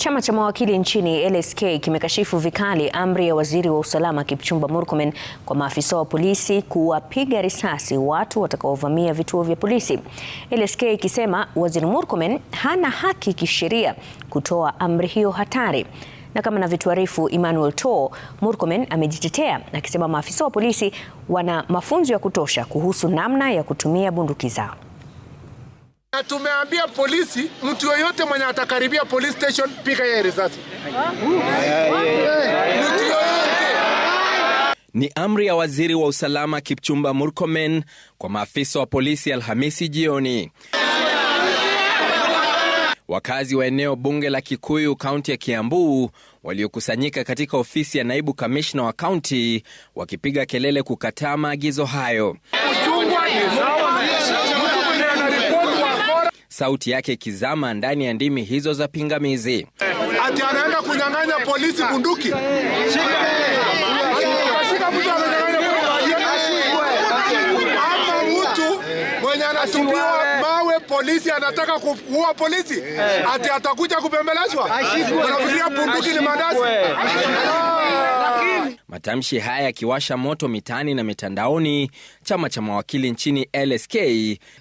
Chama cha mawakili nchini LSK kimekashifu vikali amri ya waziri wa usalama Kipchumba Murkomen kwa maafisa wa polisi kuwapiga risasi watu watakaovamia vituo vya polisi. LSK ikisema waziri Murkomen hana haki kisheria kutoa amri hiyo hatari. Na kama anavyotuarifu Emmanuel To, Murkomen amejitetea akisema maafisa wa polisi wana mafunzo ya kutosha kuhusu namna ya kutumia bunduki zao. Na tumeambia polisi, mtu yoyote mwenye atakaribia police station, piga yeye risasi. Ni amri ya waziri wa usalama Kipchumba Murkomen kwa maafisa wa polisi Alhamisi jioni. Wakazi wa eneo bunge la Kikuyu, kaunti ya Kiambu, waliokusanyika katika ofisi ya naibu kamishna wa kaunti wakipiga kelele kukataa maagizo hayo sauti yake ikizama ndani ya ndimi hizo za pingamizi. Ati anaenda kunyang'anya polisi bunduki. Ama mtu mwenye anatupiwa mawe polisi anataka kuua polisi, ati atakuja kupembelezwa? Unafikiria bunduki ni madasi? Matamshi haya yakiwasha moto mitaani na mitandaoni, chama cha mawakili nchini LSK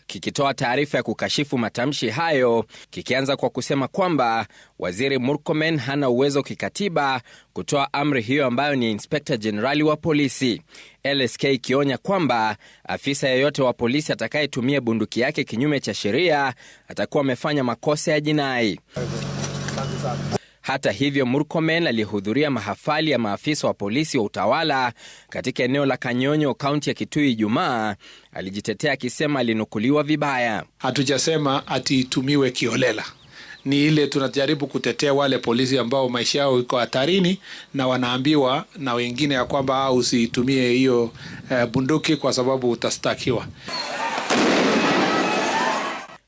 kikitoa taarifa ya kukashifu matamshi hayo, kikianza kwa kusema kwamba Waziri Murkomen hana uwezo kikatiba kutoa amri hiyo ambayo ni inspekta jenerali wa polisi. LSK ikionya kwamba afisa yeyote wa polisi atakayetumia bunduki yake kinyume cha sheria atakuwa amefanya makosa ya jinai. Hata hivyo, Murkomen aliyehudhuria mahafali ya maafisa wa polisi wa utawala katika eneo la Kanyonyo, kaunti ya Kitui Ijumaa, alijitetea akisema alinukuliwa vibaya. Hatujasema ati itumiwe kiolela ni ile tunajaribu kutetea wale polisi ambao maisha yao iko hatarini na wanaambiwa na wengine ya kwamba ah, usitumie hiyo eh, bunduki kwa sababu utastakiwa.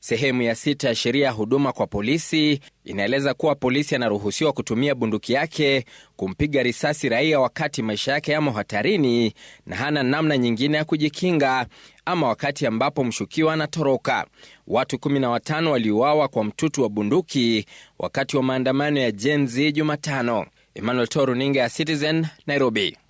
Sehemu ya sita ya sheria ya huduma kwa polisi inaeleza kuwa polisi anaruhusiwa kutumia bunduki yake kumpiga risasi raia wakati maisha yake yamo hatarini na hana namna nyingine ya kujikinga, ama wakati ambapo mshukiwa anatoroka. Watu 15 waliuawa kwa mtutu wa bunduki wakati wa maandamano ya Gen Z Jumatano. Emmanuel Toruninga ya Citizen, Nairobi.